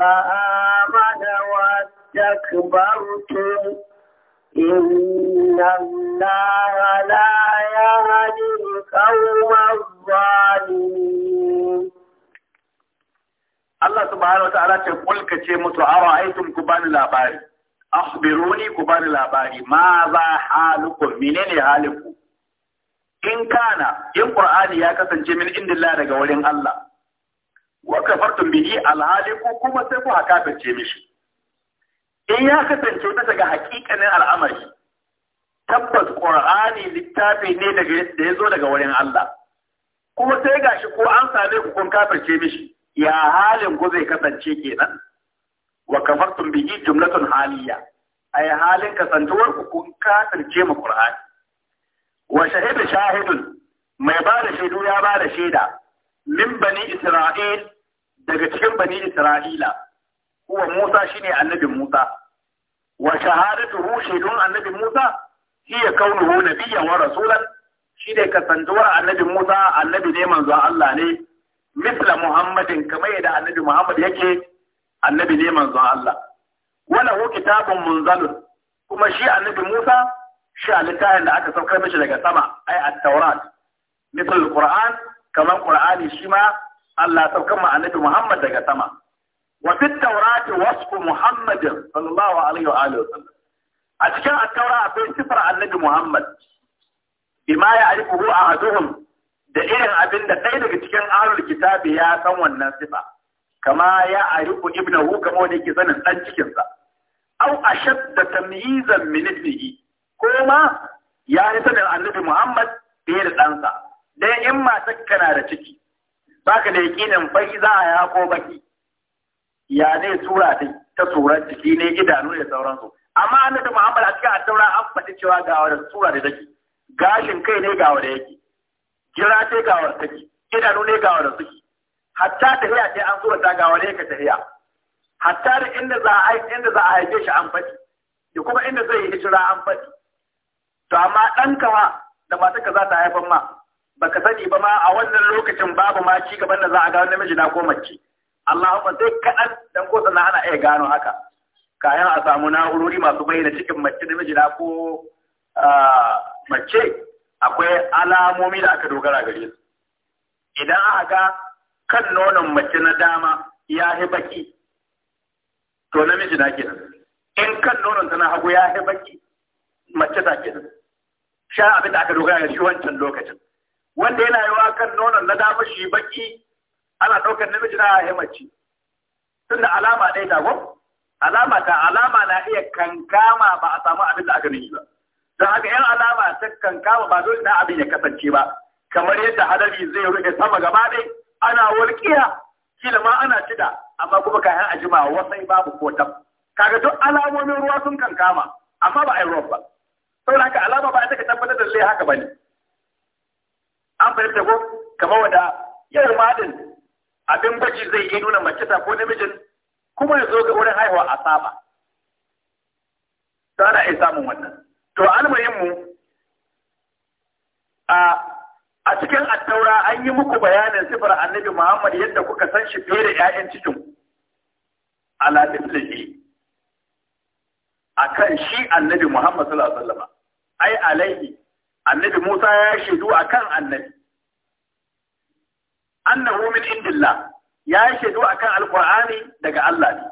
فآل أكبرتم إن الله لا يهدي القوم الظالمين Allah subhanahu ta'ala ce
kulka ce musu a aitum ku bani labari akhbiruni ku bani labari ma za halukum menene haliku. in kana in ƙur'ani ya kasance min indillah daga wurin Allah wa kafartum bihi alhaliku kuma sai ku haka mishi in ya kasance bisa ga hakikanin al'amari tabbas ƙur'ani littafi ne da ya zo daga wurin Allah kuma sai gashi ko an same ku kun kafirce mishi ya halin ku zai kasance kenan wa kafartum bihi jumlatun haliya ay halin kasantuwar ku kun kafirce mu ƙur'ani. wa shahida shahidun mai ba da shaidu ya ba da shaida min bani isra'il daga cikin bani isra'ila huwa Musa shine annabi Musa wa shahadatuhu shaidun annabi Musa hiya kaunuhu nabiyyan wa rasulan shine kasantuwar annabi Musa annabi ne manzon Allah ne misla Muhammadin kamar yadda annabi Muhammad yake annabi ne manzon Allah wala hu kitabun munzalun kuma shi annabi Musa shi a da aka saukar mishi daga sama ai at-taurat misal qur'an kamar qur'ani shi ma Allah saukar ma annabi Muhammad daga sama وفي التوراة وصف محمد صلى الله عليه وآله وسلم أشكال التوراة في سفر النبي محمد بما يعرفه أحدهم da irin abin da ɗaya daga cikin ahlul kitabi ya san wannan sifa kama ya arifu ibnahu kama wanda yake sanin ɗan cikinsa au ashadda tamyizan min ibnihi ko ma ya yi sanin annabi Muhammad fiye da ɗansa dan in matar kana da ciki baka da yaƙinin fai za a yako baki ya ne tura ta tsoron jiki ne idanu da sauransu amma annabi Muhammad a cikin attaura an faɗi cewa ga wani sura da take gashin kai ne ga wanda yake jira ce ga wanda take idanu ne ga da suke hatta tahiya ce an surata ga wanda yake tahiya hatta da inda za a inda za a haife shi an faɗi da kuma inda zai yi hijira an faɗi to amma ɗan kawa da mata ka za ta haifan ma baka sani ba ma a wannan lokacin babu ma ci gaban da za a ga wani namiji na ko mace Allahumma sai kaɗan dan ko sana ana iya gano haka kayan a samu na'urori masu bayyana cikin mace da mijina ko mace akwai alamomi da aka dogara gare su idan aka ga kan nonon mace na dama ya yi baki to namiji na nan. in kan nonon tana hagu ya yi baki mace ta nan. sha abin da aka dogara da shi wancan lokacin wanda yana yi wa kan nonon na dama shi baki ana ɗaukar namiji na ya mace da alama ɗaya ta gwam alama ta alama na iya kankama ba a samu abin da aka nuni ba don haka yan alama ta kankama ba dole na abin ya kasance ba kamar yadda hadari zai rufe sama gaba ɗaya ana walƙiya kila ma ana cida amma kuma kayan a jima wasai babu ko tab kaga duk alamomin ruwa sun kankama amma ba a yi ruwan ba saboda haka alama ba ta ka tabbatar da sai haka ba ne an fahimta ko kamar wanda yau ma din abin baki zai iya nuna mace ta ko namijin kuma ya zo ga wurin haihuwa a saba ta ana iya samun wannan to almuhimmu a a cikin attaura an yi muku bayanin sifar annabi muhammad yadda kuka san shi fiye da 'ya'yan cikin ala a kan shi annabi muhammad sallallahu alaihi wasallam ai alaihi annabi musa ya shaidu kan annabi annahu min indillah ya yi shaidu akan Alƙur'ani daga Allah ne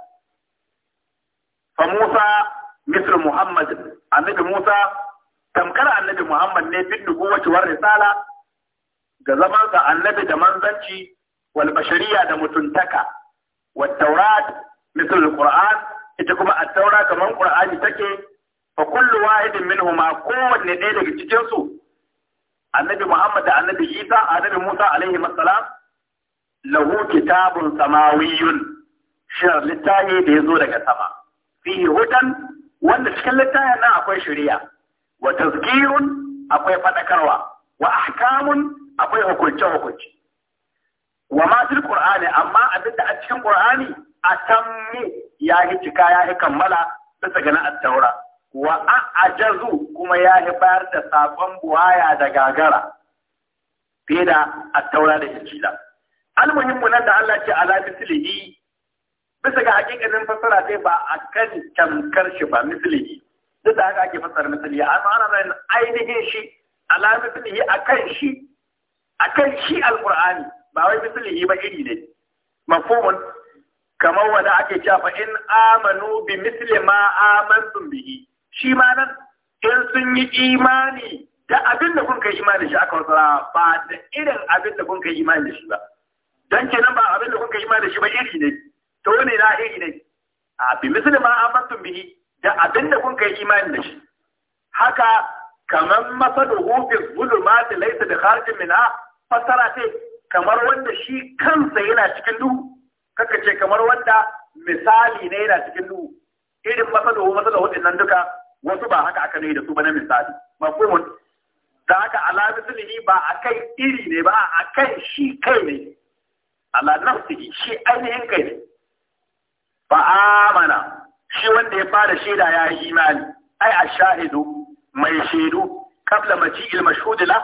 fa Musa Misir Muhammad annabi Musa tamkar annabi Muhammad ne bin nubuwati war risala ga zaman sa annabi da manzanci wal bashariya da mutuntaka wat taurat misr alqur'an ita kuma a taura kamar qur'ani take fa kullu wahidin minhuma kowanne ɗaya daga cikinsu? annabi Muhammad da annabi Isa annabi Musa alaihi salam lahu kitabun samawiyun shi littafi da ya zo daga sama fihi hudan wanda cikin littafin nan akwai shari'a wa tazkirun akwai fadakarwa wa ahkamun akwai hukunce hukunci wa ma fil qur'ani amma abin da a cikin qur'ani atammi ya yi cika ya yi kammala bisa ga na at-taura wa ajazu kuma ya yi bayar da sabon buhaya da gagara fiye da at-taura da injila almuhimmu nan da Allah ce ala mislihi bisa ga hakikanin fassara sai ba a kan tamkar shi ba mislihi duk da haka ake fassara mislihi amma ana nan ainihin shi ala mislihi akan shi akan shi alqur'ani ba wai mislihi ba iri ne mafhumun kamar wanda ake cewa fa in amanu bi misli ma amantum bihi shi ma nan in sun yi imani da abin da kun kai imani shi aka wasa ba da irin abin da kun kai imani da shi ba dan kenan ba abin da kuka yi ma da shi ba iri ne to ne na iri ne a bi misali ma amantum bihi da abin da kun yi imani da shi haka kamar masaluhu fi zulumat laysa bi kharijin minha fasara ce kamar wanda shi kansa yana cikin duhu kaka ce kamar wanda misali ne yana cikin duhu irin masaluhu masaluhu din nan duka wasu ba haka aka yi da su ba na misali mafhumun da haka ala mislihi ba a kai iri ne ba a kai shi kai ne ala nafsihi shi ainihin kai ne fa amana shi wanda ya fara shaida ya yi imani ai ashahidu mai shaidu kabla maji'il mashhud la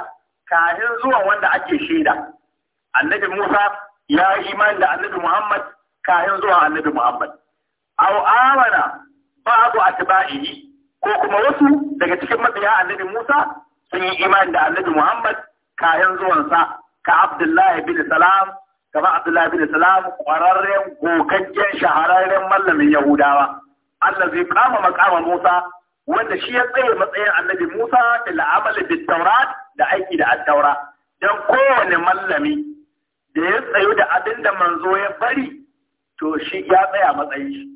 kafin zuwan wanda ake shaida annabi Musa ya yi imani da annabi Muhammad kafin zuwan annabi Muhammad aw amana ba'du atba'ihi ko kuma wasu daga cikin mabiya annabi Musa sun yi imani da annabi Muhammad kafin zuwansa ka Abdullahi bin Salam kamar Abdullahi bin Salam ƙwararren gogaggen shahararren mallamin Yahudawa Allah zai kama makama Musa wanda shi ya tsaye matsayin annabi Musa da la'amalin da Taurat da aiki da Attaura don kowane mallami da ya tsayo da abin da manzo ya bari to shi ya tsaya matsayi.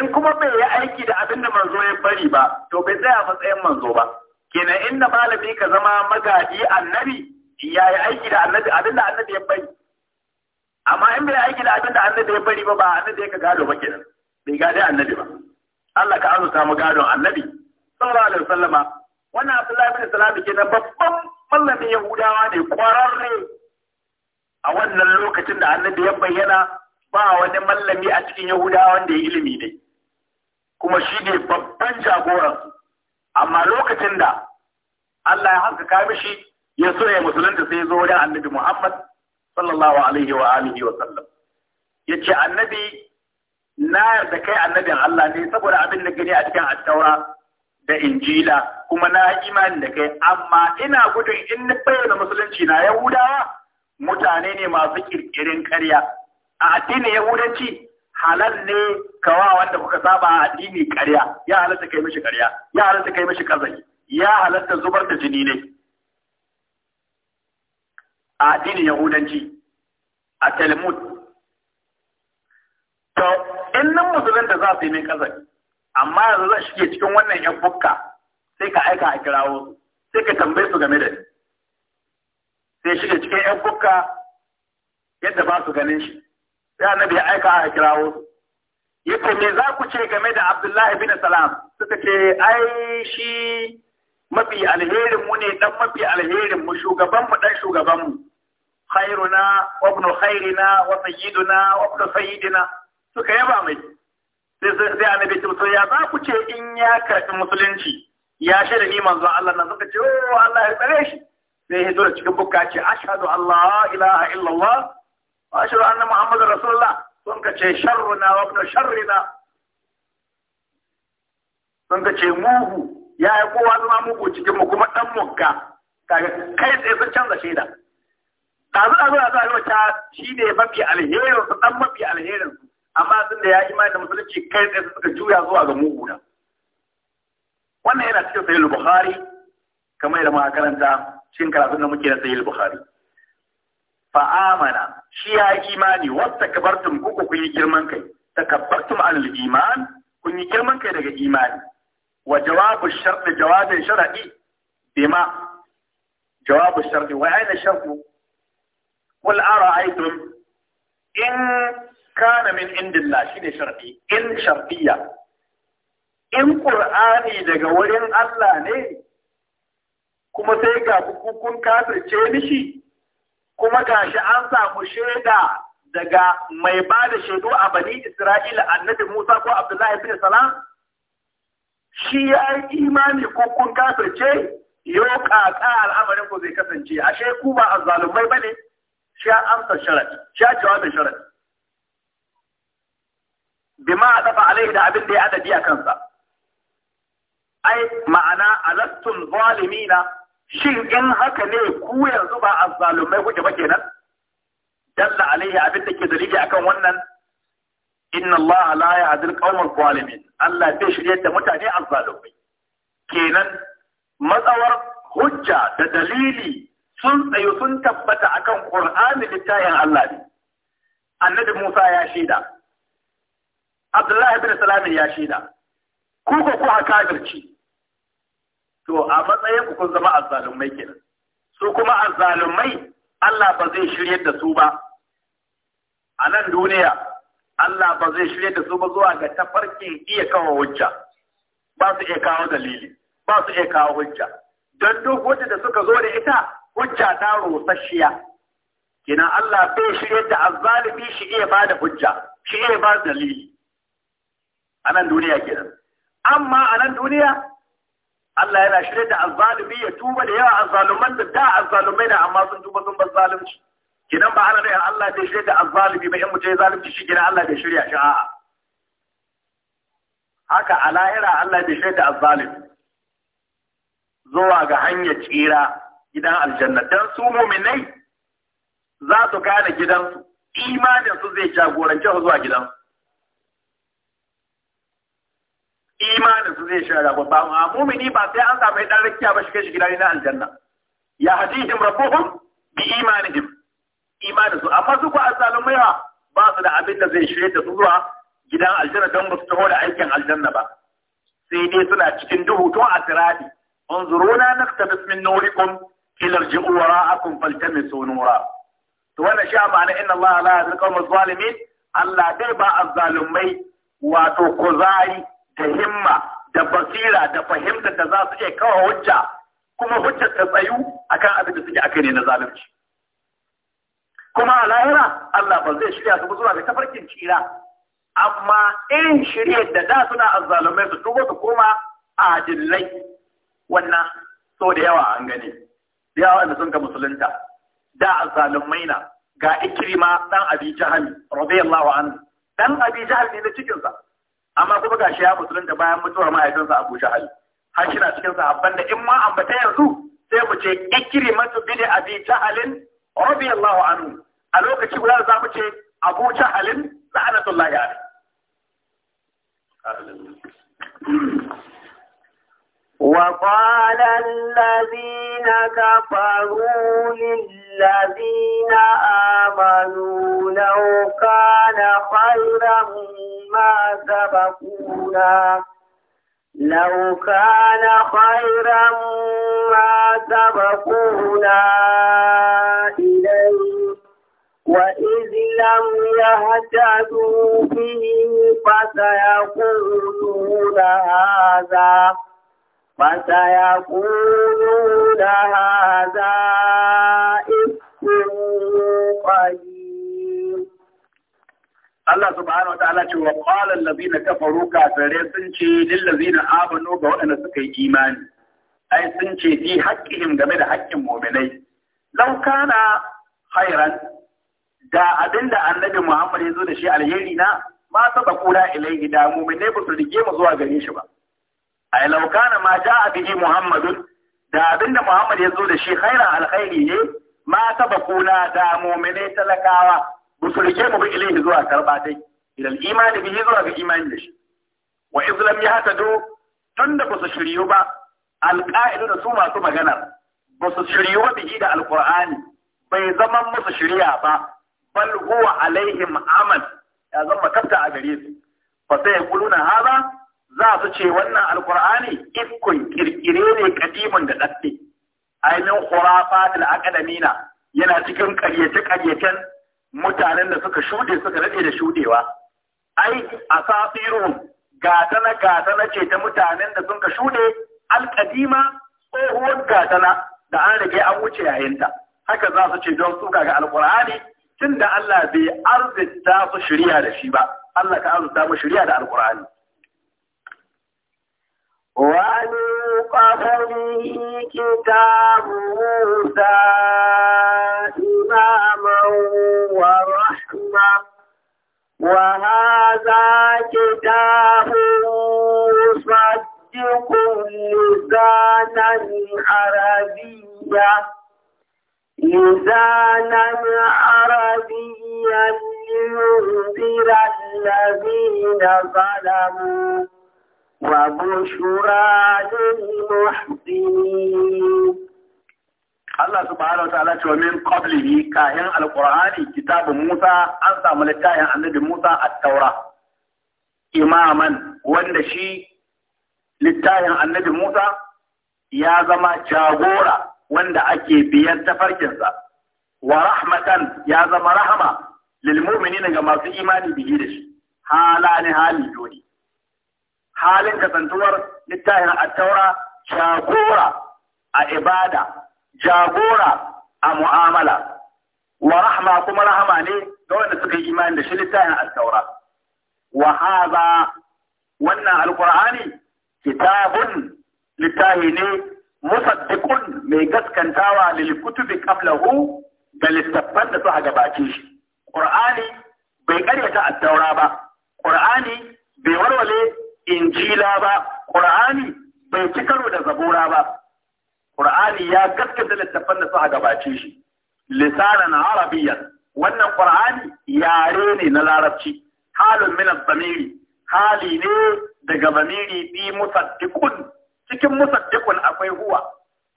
in kuma bai yi aiki da abin da manzo ya bari ba to bai tsaya matsayin manzo ba kenan inda malami ka zama magadi annabi ya yi aiki da annabi abin da annabi ya bari amma in bai aiki da abin da annabi ya bari ba ba annabi ya ka gado ba kenan bai gado annabi ba Allah ka azurta mu gadon annabi sallallahu alaihi wasallama wannan Abdullahi bin Salam nan babban mallamin Yahudawa ne kwararre a wannan lokacin da annabi ya bayyana ba wani mallami a cikin Yahudawa wanda ya ilimi ne kuma shi ne babban jagoran amma lokacin da Allah ya haskaka mishi ya so ya musulunta sai ya zo wajen annabi Muhammad sallallahu alaihi wa alihi wa sallam yace annabi na yarda kai annabin Allah ne saboda abin da gani a cikin attaura da injila kuma na imani da kai amma ina gudun in ni bayyana musulunci na yahudawa mutane ne masu kirkirin karya a addinin yahudanci halal ne kawa wanda kuka saba a addini karya ya halatta kai mishi karya ya halatta kai mishi kazai ya halatta zubar da jini ne a addinin yahudanci a talmud to innan musulun da za su yi mai ƙasar, amma yanzu zan shige cikin wannan yan bukka sai ka aika a kirawo sai ka tambaye su game da shi sai shige cikin yan bukka yadda ba su ganin shi sai annabi ya aika a kirawo su ce me za ku ce game da Abdullahi bin Salam suka ce ai shi mafi alherin mu ne dan mafi alherin mu shugaban mu dan shugaban mu khairuna wa ibn khairina wa sayyiduna wa ibn sayyidina suka yaba mai sai sai annabi ce ya za ku ce in ya karbi musulunci ya shaida ni manzon Allah nan suka ce oh Allah ya tsare shi sai ya da cikin bukka ce ashhadu Allah ilaha illallah wa ashhadu anna muhammadar rasulullah sun ka ce sharruna wa ibn sharrina sun ka ce muhu ya yi kowa zama mugu cikin mu kuma dan mugga kaga kai tsaye sun canza shaida ɗazu ɗazu a sa wata shi ne mafi alherin su ɗan mafi alherin su amma sun da ya yi da musulunci kai tsaye suka juya zuwa ga muguna wannan yana cikin sahih bukhari kamar da muka karanta cikin karatun da muke na sahih bukhari fa amana shi ya yi imani wasta kabartum kuku kun yi girman kai takabbartum alal iman kun yi girman kai daga imani wa jawabu shart jawabin shar'i bima jawabu shart wa aina shartu qul ara'aytum in kana min indillah ne shar'i in shar'iyya in qur'ani daga wurin Allah ne kuma sai ga kun kafirce mishi kuma gashi an samu shaida daga mai ba da shaidu a bani Isra'ila annabi Musa ko Abdullahi bin Salam
shi ya yi imani ko kun
kafirce yau ƙaƙa al'amarin ku zai kasance ashe ku ba azzalumai bane sha amsa sharadi sha jawabin sharadi bima dafa alaihi da abin da ya adadi a kansa ai ma'ana alastum zalimina shin in haka ne ku yanzu ba azzalumai kuke ba kenan dalla alaihi abin da ke dalili akan wannan inna laya la yahdil qawmal zalimin Allah bai shirye da mutane azzalumai kenan matsawar hujja da dalili sun tsaye sun tabbata akan Qur'ani littafin Allah ne annabi Musa ya shaida Abdullah ibn Salam ya shaida ku ko ku kafirci to a matsayin ku kun zama azzalumai kenan su kuma azzalumai Allah ba zai shiryar da su ba a nan duniya Allah ba zai shirye da su ba zuwa ga tafarkin iya kawo hujja ba su iya kawo dalili ba su iya kawo hujja don duk wanda da suka zo da ita hujja ta rusasshiya kina Allah bai shirye da azzalimi shi iya bada hujja shi iya ba dalili a nan duniya kenan
amma a nan duniya
Allah yana shirye da azzalimi ya tuba da yawa azzaluman da da azzalumai da amma sun tuba sun bar zalunci kidan ba ana da Allah bai shirye da azzalimi ba in mutum ya zalunci shi kidan Allah bai shirya shi a'a haka a lahira Allah bai shirye da azzalimi zuwa ga hanyar tsira gidan aljanna dan su mu'minai za su gane gidansu imanin su zai jagorance su zuwa gidansu imanin su zai shara ba amma mu'mini ba sai an samu dan rakiya ba kai shi gidan aljanna ya hadihim rabbuhum bi imanihim imanin su amma su ku ko maiwa, ba su da abin da zai shirye da su zuwa gidan aljanna don ba su taho da aikin aljanna ba sai dai suna cikin duhu to a tiradi unzuruna naktabis min nurikum ila rji'u wara'akum faltamisu nura to wannan shi ma'ana inna Allah la yahdi qawmal zalimin Allah dai ba azzalumai wato kuzari da himma da basira da fahimtar da za su iya kawo hujja kuma hujjar ta tsayu akan abin da suke akai ne na zalunci kuma a lahira Allah ba zai shirya su zuwa ga tafarkin tsira amma irin shirye da da suna azzalumai su tuba su koma adillai wannan so da yawa an gani da yawa da sun ga musulunta da azalumai na ga ikrima dan abi jahal radiyallahu anhu dan abi jahal ne na cikin sa amma kuma gashi ya musulunta bayan mutuwar mahaifinsa abu jahal har shi na cikin sahabban da in ma ambata yanzu sai mu ce ikrimatu bi abi jahalin radiyallahu anhu a lokaci guda za mu ce abu jahalin la'anatullahi alaihi
وقال الذين كفروا للذين آمنوا لو كان خيرا ما سبقونا لو كان خيرا ما سبقونا إليه وإذ لم يهتدوا به فسيقولون هذا فسيقولون هذا إفك قديم Allah subhanahu wa ta'ala ce wa qala
allazina kafaru kafirai sun ce lil ladzina amanu ga waɗanda suka yi imani ai sun ce fi haqqihim game da haƙƙin mu'minai lauka na hairan da abinda annabi Muhammad ya zo da shi alheri na ma sabaquna ilayhi da mu'minai ba su rige mu zuwa gare shi ba ai law kana ma a bihi muhammadun da abinda muhammad ya zo da shi "Haira alkhairi ne ma sabakuna da mu'mine talakawa busulke mu bi ilaihi zuwa karba dai idan imani bihi zuwa ga imani da shi wa islam ya hatadu tunda ba su shiryu ba alqa'idu da su masu magana ba su shiryu ba bihi da alqur'ani bai zaman musu shirya ba bal huwa alaihim amal ya zama kafta a gare su fa sai kuluna haza? za su ce wannan alkur'ani ifkun kirkire ne kadimun da dadde ainihin khurafatul akadamina yana cikin karyace karyacen mutanen da suka shuɗe suka daɗe da shuɗewa. ai asafirun gatana gatana ce ta mutanen da sun ka shuɗe alƙadima tsohuwar gatana da an rage an wuce yayinta haka za su ce don su ga alƙur'ani tun da Allah bai arzita su shirya da shi ba Allah ka arzita mu shirya da
alƙur'ani ومن قبله كتاب موسى إماما ورحمة وهذا كتاب مصدق لسانا عربيا لسانا عربيا لينذر الذين ظلموا وبشرى للمحسنين
Allah subhanahu wa ta'ala cewa min qablihi kayan alqur'ani kitabun Musa an samu littafin annabi Musa at-Taura imaman wanda shi littafin annabi Musa ya zama jagora wanda ake biyan tafarkinsa wa rahmatan ya zama rahama lil mu'minin ga masu imani bihi da shi halani hali joni halin kasantuwar littafin attaura jagora a ibada jagora a mu'amala wa rahma kuma rahama ne ga wanda suka yi imani da shi littafin attaura wa haza wannan alqur'ani kitabun littafi ne musaddiqun mai gaskantawa lil kutubi qablahu da littattafan da suka gabace shi qur'ani bai karyata attaura ba qur'ani bai warware injila ba qur'ani bai ci karo da zabura ba qur'ani ya gaskata littafan da suka gabace shi lisanan arabiyyan wannan qur'ani yare ne na larabci Halin min zamiri hali ne daga zamiri bi musaddiqun cikin musaddiqun akwai huwa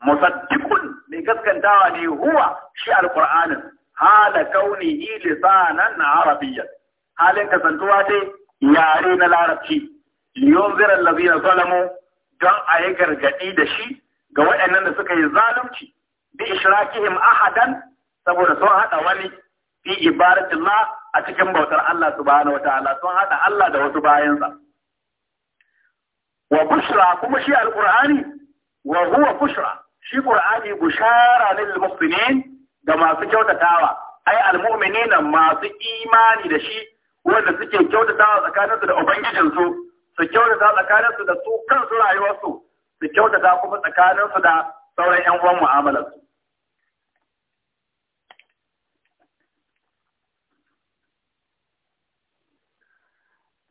musaddiqun mai gaskantawa ne huwa shi alqur'anin hala kaunihi lisanan arabiyyan halin kasantuwa dai yare na larabci yunzira allazina zalamu don a yi gargadi da shi ga waɗannan da suka yi zalunci bi ishrakihim ahadan saboda sun hada wani fi a cikin bautar Allah subhanahu wataala sun hada Allah da wasu bayansa wa bushra kuma shi alqur'ani wa huwa bushra shi qur'ani bushara lil muslimin da masu kyautatawa ai almu'minina masu imani da shi wanda suke kyautatawa tsakaninsu da ubangijinsu su kyautata tsakaninsu da su kansu rayuwarsu su kyautata kuma tsakaninsu da sauran 'yan uwan mu'amalarsu.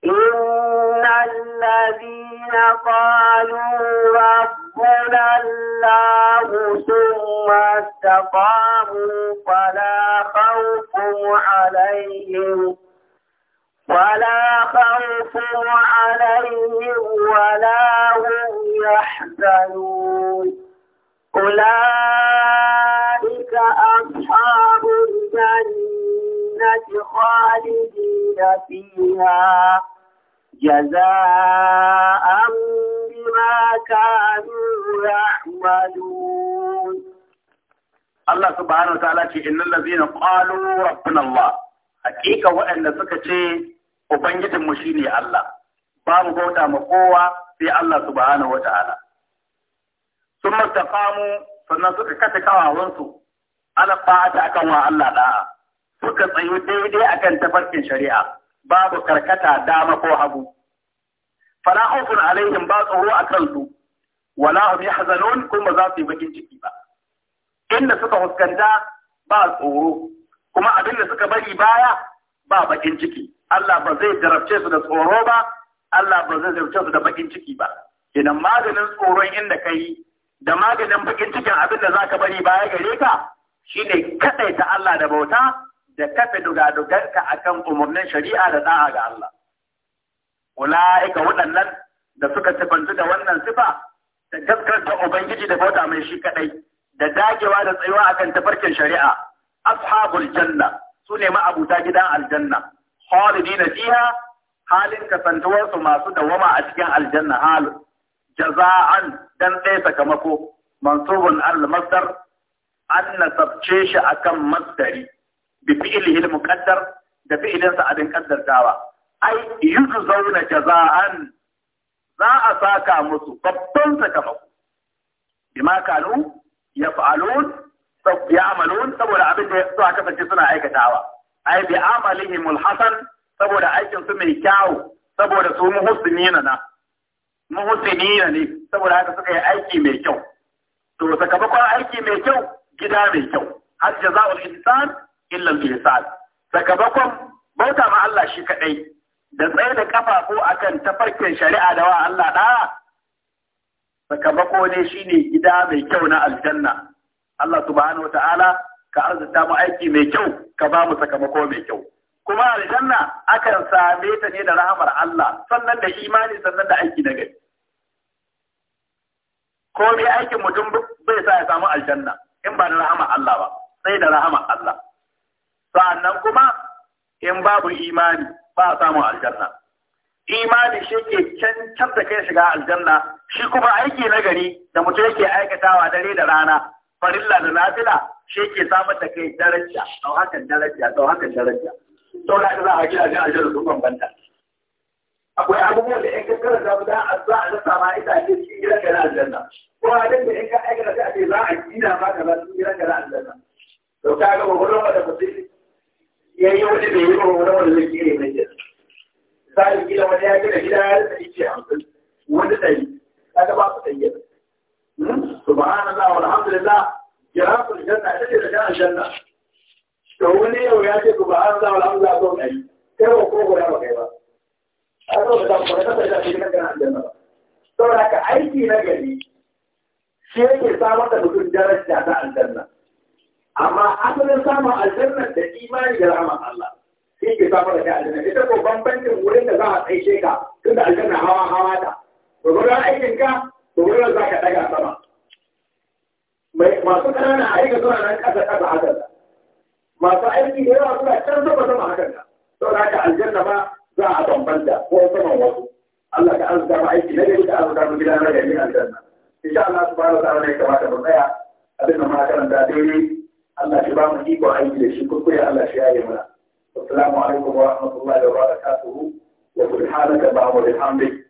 إن الذين قالوا ربنا الله ثم استقاموا فلا خوف عليهم ولا خوف عليهم ولا هم يحزنون أولئك أصحاب الجنة خالدين فيها جزاء بما كانوا يعملون
الله سبحانه وتعالى إن الذين قالوا ربنا الله حقيقة وأن سكتي Ubangijinmu shi ne Allah, ba mu bauta ma kowa sai Allah subhanahu wata'ala. Sun mastafamu sannan suka kasa kawawansu, Ana fata akan wa Allah ɗaya. suka tsayu daidai akan tafarkin shari'a, babu karkata dama ko hagu. Fala alaihim ba tsoro a kansu, wala hum yahzanun kuma za su yi bakin ciki ba. Inda suka fuskanta ba tsoro, kuma abin da suka bari baya ba bakin ciki. Allah ba zai jarabce su da tsoro ba Allah ba zai jarabce su da bakin ciki ba kenan maganin tsoron inda ka yi da maganin bakin cikin abin da za ka bari baya gare ka shine kaɗaita Allah da bauta da kafe dugadugarka akan umarnin shari'a da da'a ga Allah ula'ika waɗannan da suka sifantu da wannan sifa da gaskanta Ubangiji da bauta mai shi kadai da dagewa da tsayuwa akan tafarkin shari'a ashabul janna su ne ma'abuta gidan aljanna khalidina fiha halin kasantuwar su masu dawama a cikin aljanna halu jaza'an dan dai sakamako mansubun al masdar an nasabce shi akan masdari bi fi'lihi al muqaddar da fi'ilin sa adin kaddartawa ai yujzauna jaza'an za a saka musu babban sakamako bima kanu yaf'alun ya'malun saboda abin da suka kasance suna aikatawa ai bi amalihim alhasan saboda aikin su mai kyau saboda su muhsinina na ne saboda haka suka yi aiki mai kyau to sakamakon aiki mai kyau gida mai kyau har jaza'ul insan illa al-ihsan sakamakon bauta ma Allah shi kadai da tsaye da kafafu akan tafarkin shari'a da wa Allah da sakamako ne shine gida mai kyau na aljanna Allah subhanahu ta'ala. ka arzuta mu aiki mai kyau ka ba mu sakamako mai kyau kuma aljanna akan same ta ne da rahamar Allah sannan da imani sannan da aiki na gari ko mai aikin mutum bai sa ya samu aljanna in ba da rahamar Allah ba sai da rahamar Allah sannan kuma in babu imani ba a samun aljanna imani shi ke cancanta kai shiga aljanna shi kuma aiki na gari da mutum yake aikatawa dare da rana farilla da nafila shi ke samar da kai daraja don hakan daraja don hakan daraja to haka za a gidaje a jira sun bambanta akwai abubuwan da in ka da za a za a rasa ma ita ce shi gidan ka na aljanna ko a da in ka aikata ta ce za a gina ma ka za cikin gidan ka na aljanna to ka ga wani wani da sai ya yi wani bai yi wani wani zai yi mai jira misali gina wani ya gina gida ya rasa ice hamsin wani ɗari ka ga ba su ɗayyar نعم. سبحان الله والحمد لله جراب الجنة الذي رجع الجنة شكوني وياتي سبحان الله والحمد لله دون أي كيف وقوه ولا وكيف أقول لك أنا أقول لك أنا الجنة تقول لك أي شيء نجري شيء يسامح تكون درجة على الجنة أما أصل السامع الجنة الإيمان برحمة الله shi ke samar da aljanna ita ko bambancin wurin da za a tsaye ka tunda aljanna hawa hawa ta to gurin aikin ka to wurin za ka daga sama masu ƙanana a aika suna nan ƙasa ƙasa hakan da masu aiki da yawa suna can sama sama hakan da sau da ka aljanna ma za a bambanta ko saman wasu Allah ka arzuta ma aiki na gari ka arzuta mu gida na gari aljanna insha Allah subhanahu wa ta'ala ne kamata mu tsaya abin da muka karanta daidai Allah shi ba mu iko aiki da shi kuskure Allah shi yayi mana assalamu alaikum wa rahmatullahi wa barakatuhu wa subhanaka ba'da bihamdika